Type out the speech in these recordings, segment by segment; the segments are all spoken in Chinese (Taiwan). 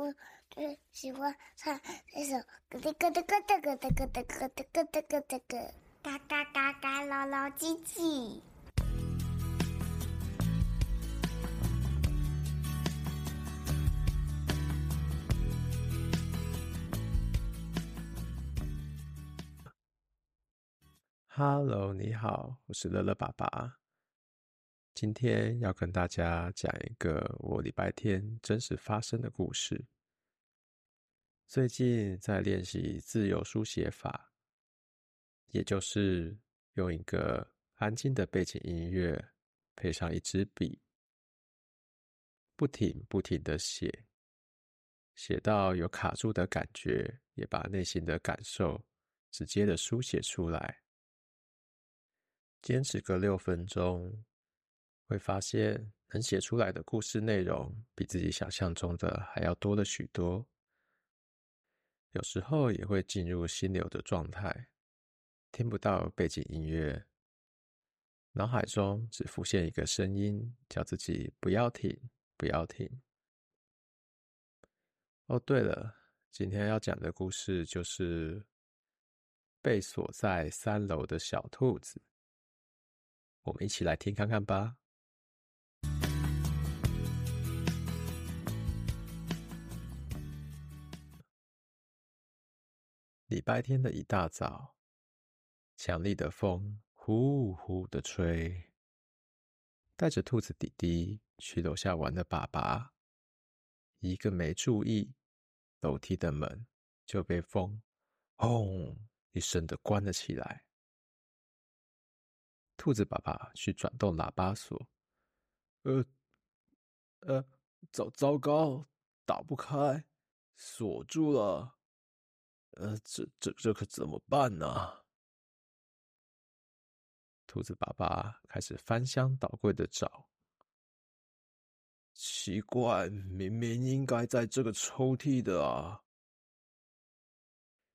我最喜歡唱這首，咯噔咯噔咯噔咯噔咯噔咯噔咯咯咯。嘎嘎嘎嘎，老老唧唧。Hello，你好，我是樂樂爸爸。今天要跟大家講一個我禮拜天真實發生的故事。最近在練習自由書寫法，也就是用一個安靜的背景音樂，配上一支筆，不停不停的寫，寫到有卡住的感覺，也把內心的感受直接的書寫出來，堅持個六分鐘。會發現能寫出來的故事內容比自己想象中的還要多了許多。有時候也會進入心流的狀態，聽不到背景音樂，腦海中只浮現一個聲音，叫自己不要停，不要停。哦，對了，今天要講的故事就是被鎖在三樓的小兔子。我們一起來聽看看吧。禮拜天的一大早，強力的風呼呼的吹，帶着兔子弟弟去樓下玩的爸爸，一個沒注意，樓梯的門就被風轟一聲的關了起來。兔子爸爸去轉動喇叭鎖，呃，呃，糟糟糕，打不開，鎖住了。呃，這這這可怎麼辦呢？啊？兔子爸爸開始翻箱倒櫃的找，奇怪，明明應該在這個抽屜的啊！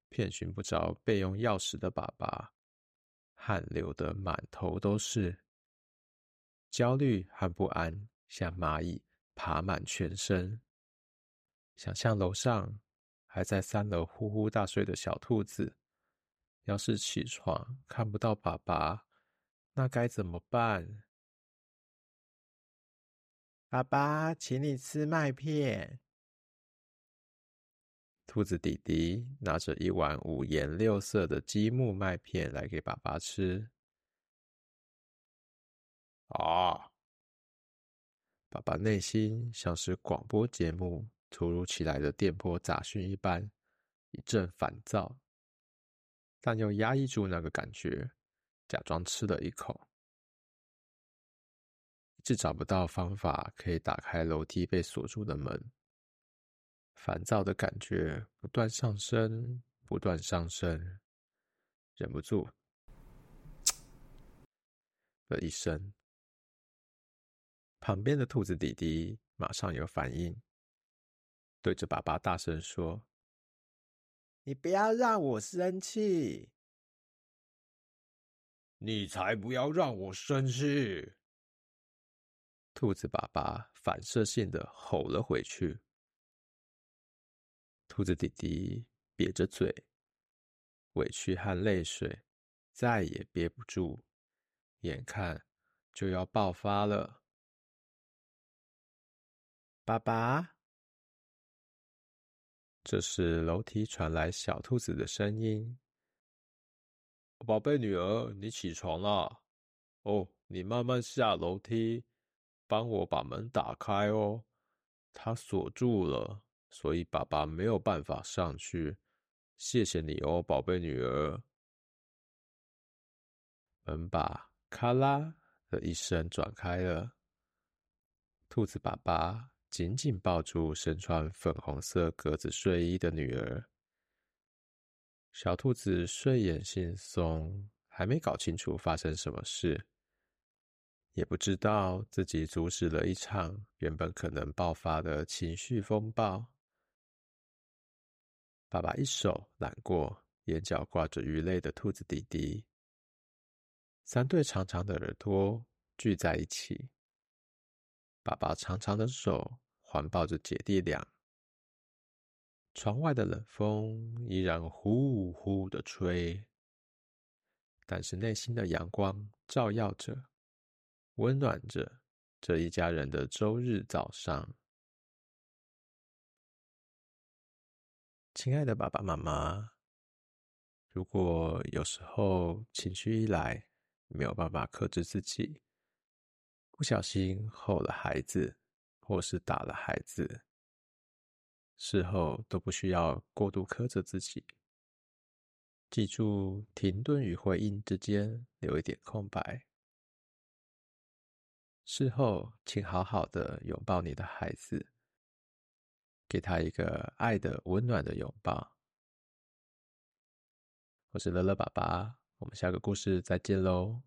遍尋不着備用鑰匙的爸爸，汗流的滿頭都是，焦慮和不安像螞蟻爬滿全身，想象樓上。還在三樓呼呼大睡的小兔子，要是起床看不到爸爸，那該怎麼辦？爸爸，請你吃麥片。兔子弟弟拿着一碗五顏六色的積木麥片來給爸爸吃。啊！爸爸內心像是廣播節目突如其來的電波雜訊一般，一陣煩躁，但又壓抑住那個感覺，假裝吃了一口，一直找不到方法可以打開樓梯被鎖住的門。煩躁的感覺不斷上升，不斷上升，忍不住，嘖的一聲，旁邊的兔子弟弟馬上有反應。對着爸爸大聲說：“你不要讓我生氣！”“你才不要讓我生氣！”兔子爸爸反射性的吼了回去。兔子弟弟癟着嘴，委屈和淚水再也憋不住，眼看就要爆發了。爸爸。這時，樓梯傳來小兔子的聲音：“寶貝女兒，你起床了！哦，你慢慢下樓梯，幫我把門打開哦。它鎖住了，所以爸爸沒有辦法上去。謝謝你哦，寶貝女兒。”門把咔啦的一聲轉開了，兔子爸爸。緊緊抱住身穿粉紅色格子睡衣的女兒，小兔子睡眼惺忪，還沒搞清楚發生什麼事，也不知道自己阻止了一場原本可能爆發的情緒風暴。爸爸一手攬過眼角掛着淚的兔子弟弟，三對長長的耳朵聚在一起，爸爸長長的手。環抱着姐弟倆，窗外的冷風依然呼呼呼的吹，但是內心的陽光照耀着，溫暖着這一家人的周日早上。親愛的爸爸媽媽，如果有時候情緒一來，沒有辦法克制自己，不小心吼了孩子。或是打了孩子，事後都不需要過度苛責自己。記住，停頓與回應之間留一點空白。事後，請好好的擁抱你的孩子，給他一個愛的、溫暖的擁抱。我是樂樂爸爸，我們下個故事再見嘍。